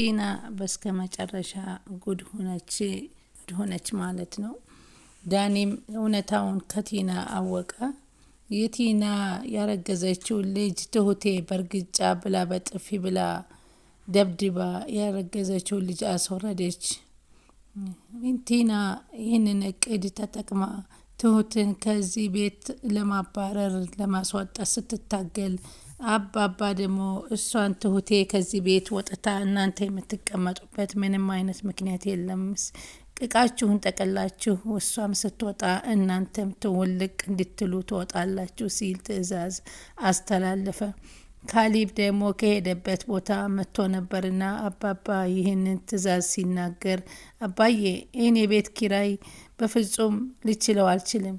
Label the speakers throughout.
Speaker 1: ቲና በስከ መጨረሻ ጉድ ሆነች ሆነች ማለት ነው። ዳኒም እውነታውን ከቲና አወቀ። የቲና ያረገዘችው ልጅ ትሁቴ በእርግጫ ብላ በጥፊ ብላ ደብድባ ያረገዘችው ልጅ አስወረደች። ቲና ይህንን እቅድ ተጠቅማ ትሁትን ከዚህ ቤት ለማባረር ለማስወጣት ስትታገል አባባ ደግሞ እሷን ትሁቴ ከዚህ ቤት ወጥታ እናንተ የምትቀመጡበት ምንም አይነት ምክንያት የለም፣ ቅቃችሁን ጠቀላችሁ እሷም ስትወጣ እናንተም ትውልቅ እንድትሉ ትወጣላችሁ ሲል ትዕዛዝ አስተላለፈ። ካሊብ ደግሞ ከሄደበት ቦታ መጥቶ ነበርና አባባ ይህንን ትዕዛዝ ሲናገር አባዬ ይህን የቤት ኪራይ በፍጹም ልችለው አልችልም፣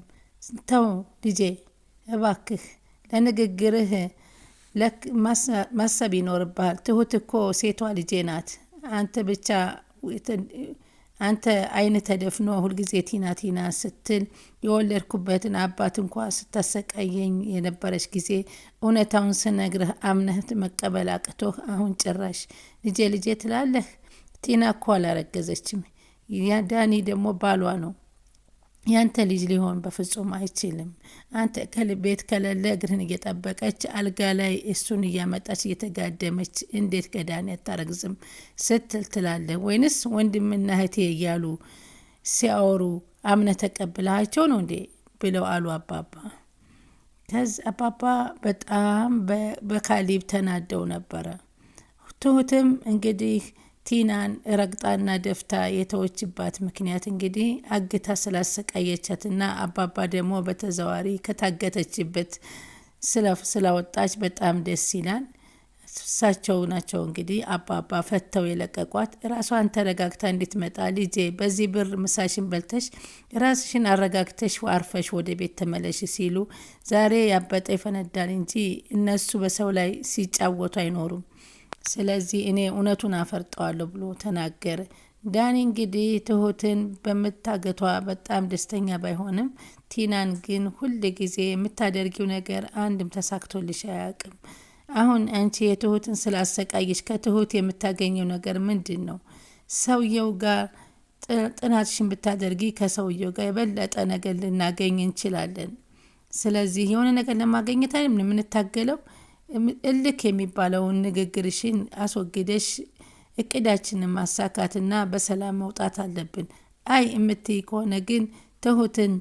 Speaker 1: ተው ልጄ እባክህ ለንግግርህ ማሰብ ይኖርብሃል። ትሁት እኮ ሴቷ ልጄ ናት። አንተ ብቻ አንተ አይን ተደፍኖ ሁልጊዜ ቲና ቲና ስትል የወለድኩበትን አባት እንኳ ስታሰቃየኝ የነበረች ጊዜ እውነታውን ስነግርህ አምነህ መቀበል አቅቶህ አሁን ጭራሽ ልጄ ልጄ ትላለህ። ቲና እኮ አላረገዘችም። ዳኒ ደግሞ ባሏ ነው። ያንተ ልጅ ሊሆን በፍጹም አይችልም። አንተ ከልቤት ከሌለ እግርህን እየጠበቀች አልጋ ላይ እሱን እያመጣች እየተጋደመች እንዴት ገዳን ያታረግዝም ስትል ትላለ። ወይንስ ወንድምና እህቴ እያሉ ሲያወሩ አምነ ተቀብለሃቸው ነው እንዴ ብለው አሉ አባባ። ከዚ አባባ በጣም በካሊብ ተናደው ነበረ። ትሁትም እንግዲህ ቲናን ረግጣና ደፍታ የተወችባት ምክንያት እንግዲህ አግታ ስላሰቃየቻትና አባባ ደግሞ በተዘዋሪ ከታገተችበት ስላወጣች በጣም ደስ ይላል። እሳቸው ናቸው እንግዲህ አባባ ፈተው የለቀቋት። ራሷን ተረጋግታ እንድትመጣ ልጄ፣ በዚህ ብር ምሳሽን በልተሽ ራስሽን አረጋግተሽ አርፈሽ ወደ ቤት ተመለሽ ሲሉ ዛሬ ያበጠ ይፈነዳል እንጂ እነሱ በሰው ላይ ሲጫወቱ አይኖሩም። ስለዚህ እኔ እውነቱን አፈርጠዋለሁ ብሎ ተናገረ። ዳኒ እንግዲህ ትሁትን በምታገቷ በጣም ደስተኛ ባይሆንም ቲናን ግን ሁል ጊዜ የምታደርጊው ነገር አንድም ተሳክቶልሽ አያውቅም። አሁን አንቺ የትሁትን ስላሰቃየሽ ከትሁት የምታገኘው ነገር ምንድን ነው? ሰውየው ጋር ጥናትሽን ብታደርጊ ከሰውየው ጋር የበለጠ ነገር ልናገኝ እንችላለን። ስለዚህ የሆነ ነገር ለማገኘት አይደል የምንታገለው እልክ የሚባለውን ንግግርሽን አስወግደሽ እቅዳችንን ማሳካትና በሰላም መውጣት አለብን። አይ የምትይ ከሆነ ግን ትሁትን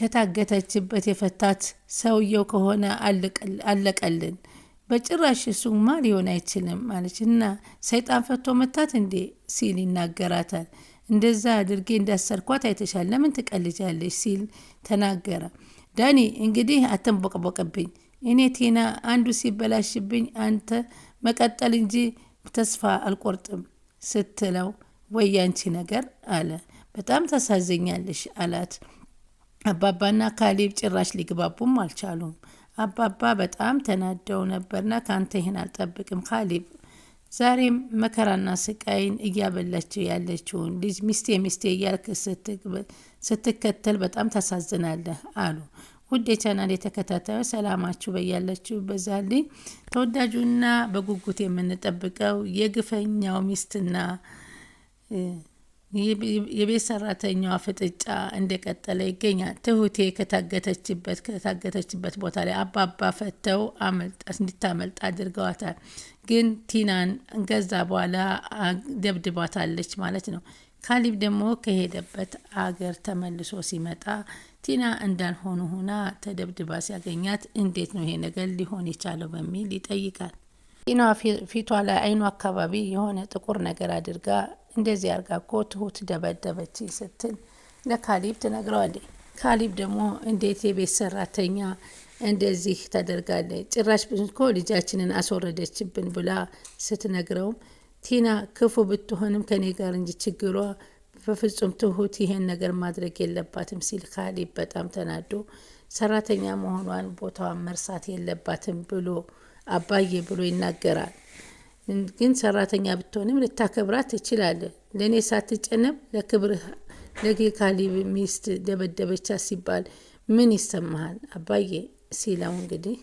Speaker 1: ከታገተችበት የፈታት ሰውየው ከሆነ አለቀልን። በጭራሽ እሱማ ሊሆን አይችልም ማለች እና ሰይጣን ፈቶ መታት እንዴ ሲል ይናገራታል። እንደዛ አድርጌ እንዳሰርኳት አይተሻል፣ ለምን ትቀልጃለሽ ሲል ተናገረ። ዳኒ እንግዲህ አትንቦቅቦቅብኝ እኔ ቲና አንዱ ሲበላሽብኝ አንተ መቀጠል እንጂ ተስፋ አልቆርጥም ስትለው ወያንቺ ነገር አለ። በጣም ታሳዘኛለሽ አላት። አባባና ካሌብ ጭራሽ ሊግባቡም አልቻሉም። አባባ በጣም ተናደው ነበርና ከአንተ ይህን አልጠብቅም ካሌብ ዛሬም መከራና ስቃይን እያበላችው ያለችውን ልጅ ሚስቴ ሚስቴ እያልክ ስትከተል በጣም ታሳዝናለህ አሉ። ውድ የቻናል የተከታታዮች ሰላማችሁ በያላችሁበት ይብዛልኝ። ተወዳጁና በጉጉት የምንጠብቀው የግፈኛው ሚስትና የቤት ሰራተኛዋ ፍጥጫ እንደቀጠለ ይገኛል። ትሁቴ ከታገተችበት ከታገተችበት ቦታ ላይ አባባ ፈተው እንድታመልጥ አድርገዋታል። ግን ቲናን ገዛ በኋላ ደብድባታለች ማለት ነው። ካሊብ ደግሞ ከሄደበት አገር ተመልሶ ሲመጣ ቲና እንዳልሆኑ ሆና ተደብድባ ሲያገኛት እንዴት ነው ይሄ ነገር ሊሆን የቻለው በሚል ይጠይቃል። ቲና ፊቷ ላይ አይኑ አካባቢ የሆነ ጥቁር ነገር አድርጋ እንደዚህ አርጋ እኮ ትሁት ደበደበች ስትል ለካሊብ ትነግረዋለች። ካሊብ ደግሞ እንዴት የቤት ሰራተኛ እንደዚህ ታደርጋለች? ጭራሽ ብንኮ ልጃችንን አስወረደችብን ብላ ስትነግረውም ቲና ክፉ ብትሆንም ከኔ ጋር እንጂ ችግሯ በፍጹም ትሁት ይሄን ነገር ማድረግ የለባትም ሲል ካሊብ በጣም ተናዶ ሰራተኛ መሆኗን ቦታዋን መርሳት የለባትም ብሎ አባዬ ብሎ ይናገራል። ግን ሰራተኛ ብትሆንም ልታከብራት ትችላለህ። ለእኔ ሳትጨነብ ለክብርህ ለካሊብ ሚስት ደበደበቻ ሲባል ምን ይሰማሃል አባዬ ሲለው እንግዲህ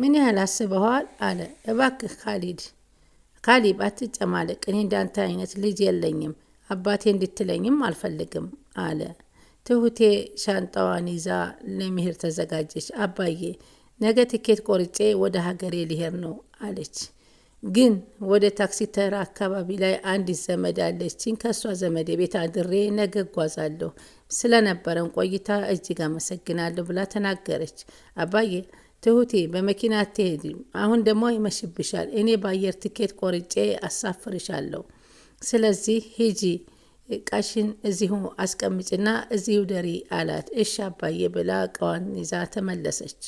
Speaker 1: ምን ያህል አስበዋል አለ። እባክህ ካሊድ ካሊብ አትጨማለቅ፣ እኔ እንዳንተ አይነት ልጅ የለኝም አባቴ እንድትለኝም አልፈልግም አለ። ትሁቴ ሻንጣዋን ይዛ ለመሄድ ተዘጋጀች። አባዬ ነገ ትኬት ቆርጬ ወደ ሀገሬ ልሄድ ነው አለች። ግን ወደ ታክሲ ተራ አካባቢ ላይ አንዲት ዘመድ አለችኝ። ከእሷ ዘመዴ ቤት አድሬ ነገ እጓዛለሁ፣ ስለነበረን ቆይታ እጅግ አመሰግናለሁ ብላ ተናገረች። አባዬ ትሁቴ በመኪና አትሄድም፣ አሁን ደግሞ ይመሽብሻል፣ እኔ በአየር ትኬት ቆርጬ አሳፍርሻለሁ ስለዚህ ሂጂ ቃሽን እዚሁ አስቀምጭና እዚሁ ደሪ አላት። እሺ አባዬ ብላ እቃዋን ይዛ ተመለሰች።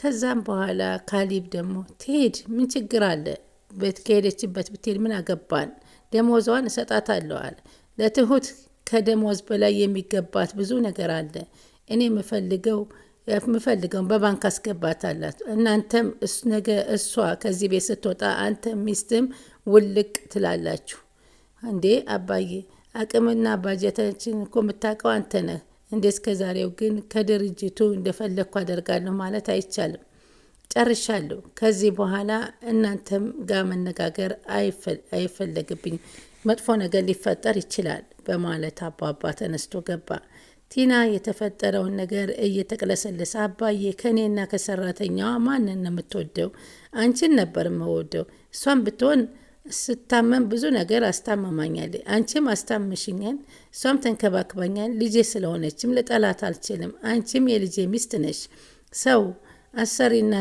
Speaker 1: ከዛም በኋላ ካሊብ ደግሞ ትሄድ ምን ችግር አለ? ከሄደችበት ብትሄድ ምን አገባን? ደሞዟን እሰጣታለሁ አለ። ለትሁት ከደሞዝ በላይ የሚገባት ብዙ ነገር አለ። እኔ የምፈልገው የምፈልገውን በባንክ አስገባት አላት። እናንተም ነገ እሷ ከዚህ ቤት ስትወጣ አንተ ሚስትም ውልቅ ትላላችሁ እንዴ አባዬ አቅምና ባጀታችን እኮ የምታውቀው አንተ ነህ። እንዴ እስከ ዛሬው ግን ከድርጅቱ እንደፈለግኩ አደርጋለሁ ማለት አይቻልም። ጨርሻለሁ። ከዚህ በኋላ እናንተም ጋር መነጋገር አይፈለግብኝ። መጥፎ ነገር ሊፈጠር ይችላል በማለት አባባ ተነስቶ ገባ። ቲና የተፈጠረውን ነገር እየተቅለሰለሰ አባዬ፣ ከእኔና ከሰራተኛዋ ማንን ነው የምትወደው? አንቺን ነበር የምወደው። እሷን ብትሆን ስታመም ብዙ ነገር አስታመማኛል። አንቺም አስታምሽኛል። እሷም ተንከባክባኛል። ልጄ ስለሆነችም ልጠላት አልችልም። አንቺም የልጄ ሚስት ነሽ። ሰው አሰሪና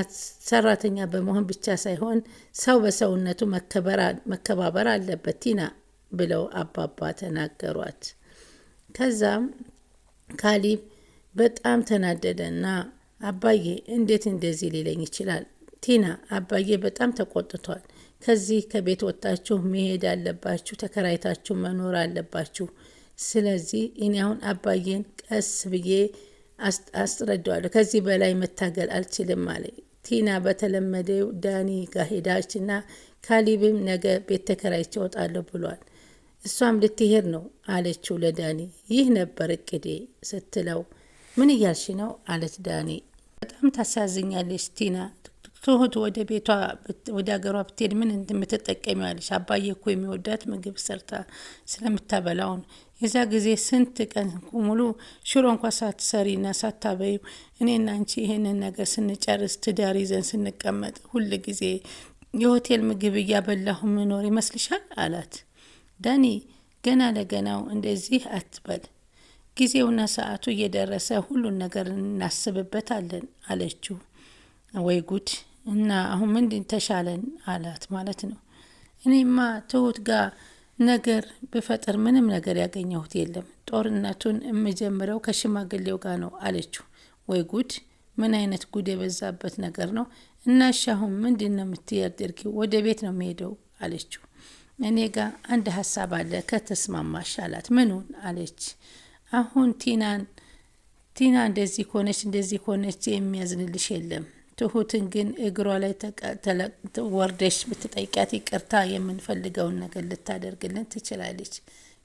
Speaker 1: ሰራተኛ በመሆን ብቻ ሳይሆን ሰው በሰውነቱ መከባበር አለበት ቲና ብለው አባባ ተናገሯት። ከዛም ካሊብ በጣም ተናደደና አባዬ እንዴት እንደዚህ ሊለኝ ይችላል? ቲና አባዬ በጣም ተቆጥቷል። ከዚህ ከቤት ወጣችሁ መሄድ አለባችሁ፣ ተከራይታችሁ መኖር አለባችሁ። ስለዚህ እኔ አሁን አባዬን ቀስ ብዬ አስረዳዋለሁ። ከዚህ በላይ መታገል አልችልም አለ ቲና በተለመደው ዳኒ ጋሄዳች ና ካሊብም ነገ ቤት ተከራይቼ እወጣለሁ ብሏል። እሷም ልትሄድ ነው አለችው ለዳኒ። ይህ ነበር እቅዴ ስትለው ምን እያልሽ ነው አለት ዳኒ። በጣም ታሳዝኛለች ቲና ትሁት ወደ ቤቷ ወደ ሀገሯ ብትሄድ ምን እንደምትጠቀሚዋለሽ? አባዬ እኮ የሚወዳት ምግብ ሰርታ ስለምታበላው ነው። የዛ ጊዜ ስንት ቀን ሙሉ ሽሮ እንኳ ሳትሰሪ ና ሳታበይ እኔና አንቺ ይሄንን ነገር ስንጨርስ ትዳር ይዘን ስንቀመጥ ሁል ጊዜ የሆቴል ምግብ እያበላሁ ምኖር ይመስልሻል? አላት ዳኒ። ገና ለገናው እንደዚህ አትበል፣ ጊዜውና ሰዓቱ እየደረሰ ሁሉን ነገር እናስብበታለን አለችው። ወይ ጉድ! እና አሁን ምንድን ተሻለን አላት ማለት ነው። እኔማ ትሁት ጋር ነገር ብፈጥር ምንም ነገር ያገኘሁት የለም። ጦርነቱን የምጀምረው ከሽማግሌው ጋር ነው አለችው። ወይ ጉድ! ምን አይነት ጉድ የበዛበት ነገር ነው! እና እሺ አሁን ምንድን ነው የምትያደርጊው? ወደ ቤት ነው የምሄደው አለችው። እኔ ጋር አንድ ሀሳብ አለ ከተስማማሽ አላት። ምኑን? አለች። አሁን ቲናን ቲና እንደዚህ ከሆነች እንደዚህ ከሆነች የሚያዝንልሽ የለም ትሁትን ግን እግሯ ላይ ወርደሽ ብትጠይቂያት ይቅርታ የምንፈልገውን ነገር ልታደርግልን ትችላለች፣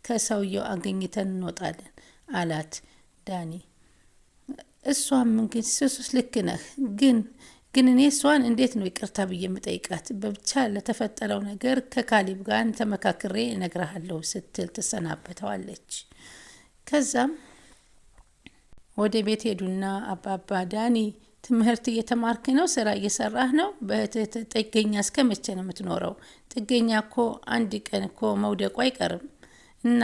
Speaker 1: ከሰውየው አገኝተን እንወጣለን አላት ዳኒ። እሷም ግን ስሱስ ልክ ነህ፣ ግን ግን እኔ እሷን እንዴት ነው ይቅርታ ብዬ የምጠይቃት? በብቻ ለተፈጠረው ነገር ከካሊብ ጋር ተመካክሬ እነግርሃለሁ ስትል ትሰናበተዋለች። ከዛም ወደ ቤት ሄዱና አባባ ዳኒ ትምህርት እየተማርክ ነው፣ ስራ እየሰራህ ነው። በእህትህ ጥገኛ እስከ መቼ ነው የምትኖረው? ጥገኛ እኮ አንድ ቀን እኮ መውደቁ አይቀርም እና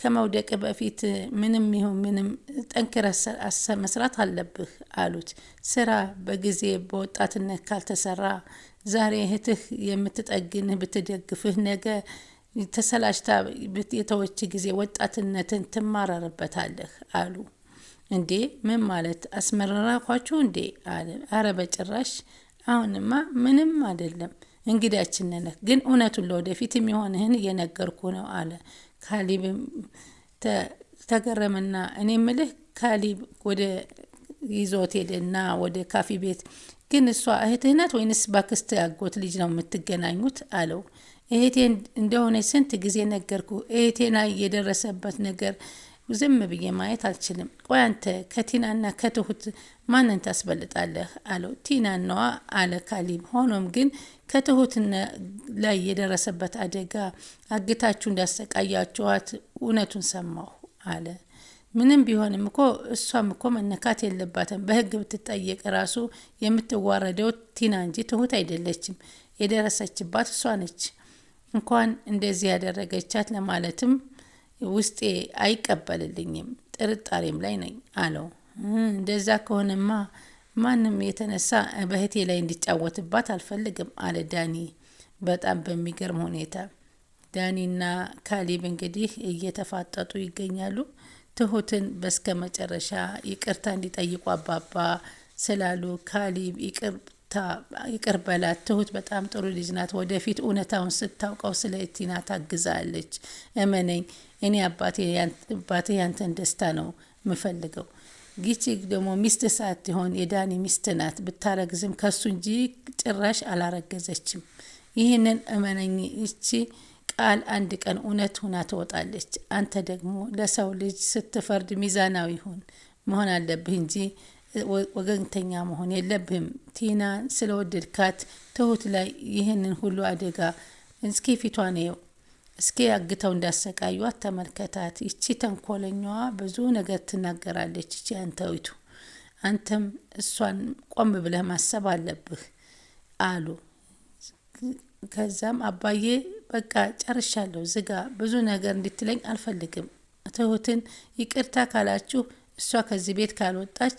Speaker 1: ከመውደቅ በፊት ምንም ይሁን ምንም ጠንክረህ መስራት አለብህ አሉት። ስራ በጊዜ በወጣትነት ካልተሰራ ዛሬ እህትህ የምትጠግንህ ብትደግፍህ ነገ ተሰላችታ የተወች ጊዜ ወጣትነትን ትማረርበታለህ አሉ። እንዴ ምን ማለት አስመረራኳችሁ እንዴ አለ። አረ በጭራሽ አሁንማ ምንም አይደለም፣ እንግዳችን ነህ። ግን እውነቱን ለወደፊት የሚሆንህን እየነገርኩ ነው አለ። ካሊብም ተገረመና እኔ ምልህ ካሊብ ወደ ይዞት ሄደና ወደ ካፊ ቤት ግን እሷ እህትህ ናት ወይንስ ባክስት አጎት ልጅ ነው የምትገናኙት? አለው እህቴ እንደሆነች ስንት ጊዜ ነገርኩ። እህቴና የደረሰበት ነገር ዝም ብዬ ማየት አልችልም። ቆይ አንተ ከቲናና ከትሁት ማንን ታስበልጣለህ? አለው። ቲና ነዋ አለ ካሊብ። ሆኖም ግን ከትሁት ላይ የደረሰበት አደጋ አግታችሁ እንዳሰቃያችኋት እውነቱን ሰማሁ አለ። ምንም ቢሆንም እኮ እሷም እኮ መነካት የለባትም። በህግ ብትጠየቅ ራሱ የምትዋረደው ቲና እንጂ ትሁት አይደለችም። የደረሰችባት እሷ ነች። እንኳን እንደዚህ ያደረገቻት ለማለትም ውስጤ አይቀበልልኝም፣ ጥርጣሬም ላይ ነኝ አለው። እንደዛ ከሆነማ ማንም የተነሳ በእህቴ ላይ እንዲጫወትባት አልፈልግም አለ ዳኒ በጣም በሚገርም ሁኔታ። ዳኒና ካሊብ እንግዲህ እየተፋጠጡ ይገኛሉ። ትሁትን በስከ መጨረሻ ይቅርታ እንዲጠይቁ አባባ ስላሉ ካሊብ ይቅር በላት ትሁት በጣም ጥሩ ልጅ ናት። ወደፊት እውነታውን ስታውቀው ስለ እቲና ታግዛለች። እመነኝ፣ እኔ አባቴ ያንተን ደስታ ነው ምፈልገው። ጊቺ ደግሞ ሚስት ሳትሆን የዳኒ ሚስት ናት። ብታረግዝም ከሱ እንጂ ጭራሽ አላረገዘችም። ይህንን እመነኝ፣ ይቺ ቃል አንድ ቀን እውነት ሁና ትወጣለች። አንተ ደግሞ ለሰው ልጅ ስትፈርድ ሚዛናዊ ሁን መሆን አለብህ እንጂ ወገንተኛ መሆን የለብህም። ቲናን ስለወደድካት ትሁት ላይ ይህንን ሁሉ አደጋ እስኪ ፊቷን የው እስኪ አግተው እንዳሰቃዩ ተመልከታት። ይቺ ተንኮለኛዋ ብዙ ነገር ትናገራለች። ይቺ አንተዊቱ አንተም እሷን ቆም ብለህ ማሰብ አለብህ አሉ። ከዛም አባዬ በቃ ጨርሻለሁ፣ ዝጋ፣ ብዙ ነገር እንድትለኝ አልፈልግም። ትሁትን ይቅርታ ካላችሁ እሷ ከዚህ ቤት ካልወጣች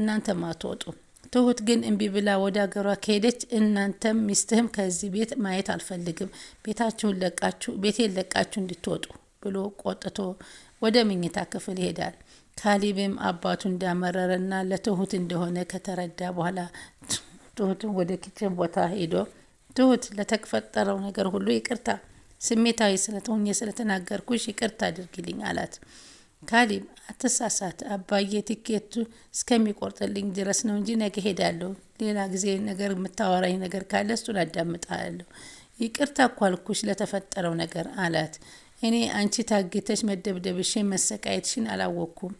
Speaker 1: እናንተም አትወጡም። ትሁት ግን እምቢ ብላ ወደ ሀገሯ ከሄደች እናንተም ሚስትህም ከዚህ ቤት ማየት አልፈልግም፣ ቤታችሁን ለቃችሁ ቤቴን ለቃችሁ እንድትወጡ ብሎ ቆጥቶ ወደ መኝታ ክፍል ይሄዳል። ካሊብም አባቱ እንዳመረረና ለትሁት እንደሆነ ከተረዳ በኋላ ትሁትን ወደ ኪችን ቦታ ሄዶ ትሁት ለተፈጠረው ነገር ሁሉ ይቅርታ፣ ስሜታዊ ስለሆኜ ስለተናገርኩሽ ይቅርታ አድርጊልኝ አላት። ካሌብ አተሳሳት አባዬ ትኬቱ እስከሚቆርጥልኝ ድረስ ነው እንጂ ነገ ሄዳለሁ። ሌላ ጊዜ ነገር የምታወራኝ ነገር ካለ እሱን አዳምጣለሁ። ይቅርታ ኳልኩሽ ለተፈጠረው ነገር አላት። እኔ አንቺ ታግተሽ መደብደብሽን መሰቃየትሽን አላወቅኩም።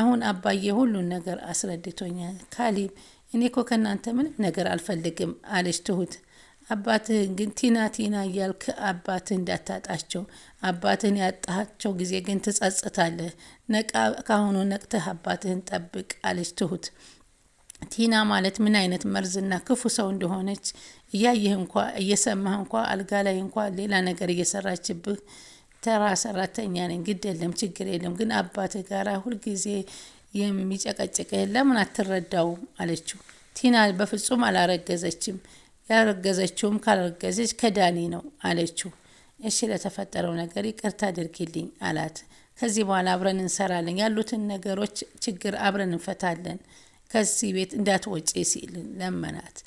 Speaker 1: አሁን አባዬ ሁሉን ነገር አስረድቶኛል። ካሌብ እኔ እኮ ከእናንተ ምንም ነገር አልፈልግም አለች ትሁት አባትህን ግን ቲና ቲና እያልክ አባትህ እንዳታጣቸው። አባትህን ያጣቸው ጊዜ ግን ትጸጽታለህ። ነቃ ካሁኑ ነቅተህ አባትህን ጠብቅ አለች ትሁት። ቲና ማለት ምን አይነት መርዝና ክፉ ሰው እንደሆነች እያየህ እንኳ እየሰማህ እንኳ አልጋ ላይ እንኳ ሌላ ነገር እየሰራችብህ ተራ ሰራተኛ ነኝ፣ ግድ የለም ችግር የለም ግን አባትህ ጋር ሁልጊዜ የሚጨቀጭቅህ ለምን አትረዳው? አለችው። ቲና በፍጹም አላረገዘችም። ያረገዘችውም ካላረገዘች ከዳኒ ነው አለችው። እሺ ለተፈጠረው ነገር ይቅርታ አድርጊልኝ አላት። ከዚህ በኋላ አብረን እንሰራለን፣ ያሉትን ነገሮች ችግር አብረን እንፈታለን፣ ከዚህ ቤት እንዳትወጪ ሲል ለመናት።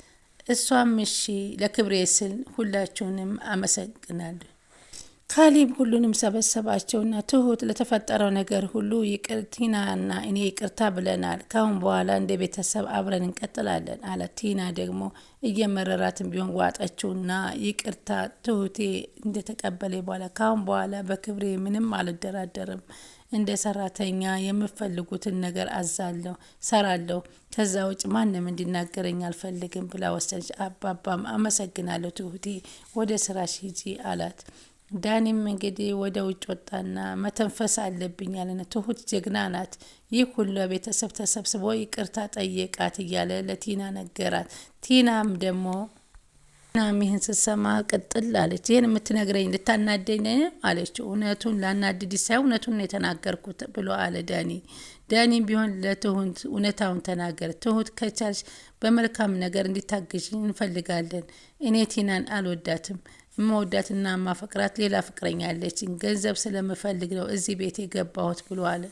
Speaker 1: እሷም እሺ ለክብሬ ስል ሁላችሁንም አመሰግናለሁ ካሊብ ሁሉንም ሰበሰባቸውና ትሁት ለተፈጠረው ነገር ሁሉ ይቅር ቲናና እኔ ይቅርታ ብለናል። ካሁን በኋላ እንደ ቤተሰብ አብረን እንቀጥላለን አለ። ቲና ደግሞ እየመረራትን ቢሆን ዋጠችውና ይቅርታ ትሁቴ እንደተቀበለ በኋላ ካሁን በኋላ በክብሬ ምንም አልደራደርም እንደ ሰራተኛ የምፈልጉትን ነገር አዛለሁ፣ ሰራለሁ። ከዛ ውጭ ማንም እንዲናገረኝ አልፈልግም ብላ ወሰነች። አባባም አመሰግናለሁ ትሁቴ፣ ወደ ስራሽ ሂጂ አላት። ዳኒም እንግዲህ ወደ ውጭ ወጣና መተንፈስ አለብኝ ያለነ ትሁት ጀግና ናት። ይህ ሁሉ ቤተሰብ ተሰብስቦ ይቅርታ ጠየቃት እያለ ለቲና ነገራት። ቲናም ደግሞ ናም ይህን ስትሰማ ቅጥል አለች። ይህን የምትነግረኝ ልታናደኝ አለች። እውነቱን ላናድድ ሳይ እውነቱን ነው የተናገርኩት ብሎ አለ ዳኒ። ዳኒም ቢሆን ለትሁት እውነታውን ተናገር። ትሁት ከቻልሽ በመልካም ነገር እንዲታገዥ እንፈልጋለን። እኔ ቲናን አልወዳትም መወዳትና ማፈቅራት ሌላ ፍቅረኛ አለችኝ። ገንዘብ ስለምፈልግ ነው እዚህ ቤት የገባሁት ብሎ አለ።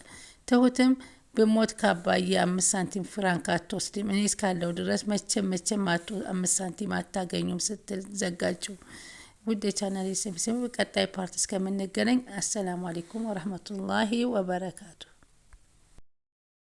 Speaker 1: ትሁትም ብሞት ካባዬ አምስት ሳንቲም ፍራንክ አትወስድም፣ እኔ እስካለው ድረስ መቼም መቼም አምስት ሳንቲም አታገኙም ስትል ዘጋችው። ውድ የቻናል ቤተሰብ ቀጣይ ፓርቲ እስከምንገናኝ አሰላሙ አሌይኩም ወረህመቱላሂ ወበረካቱ።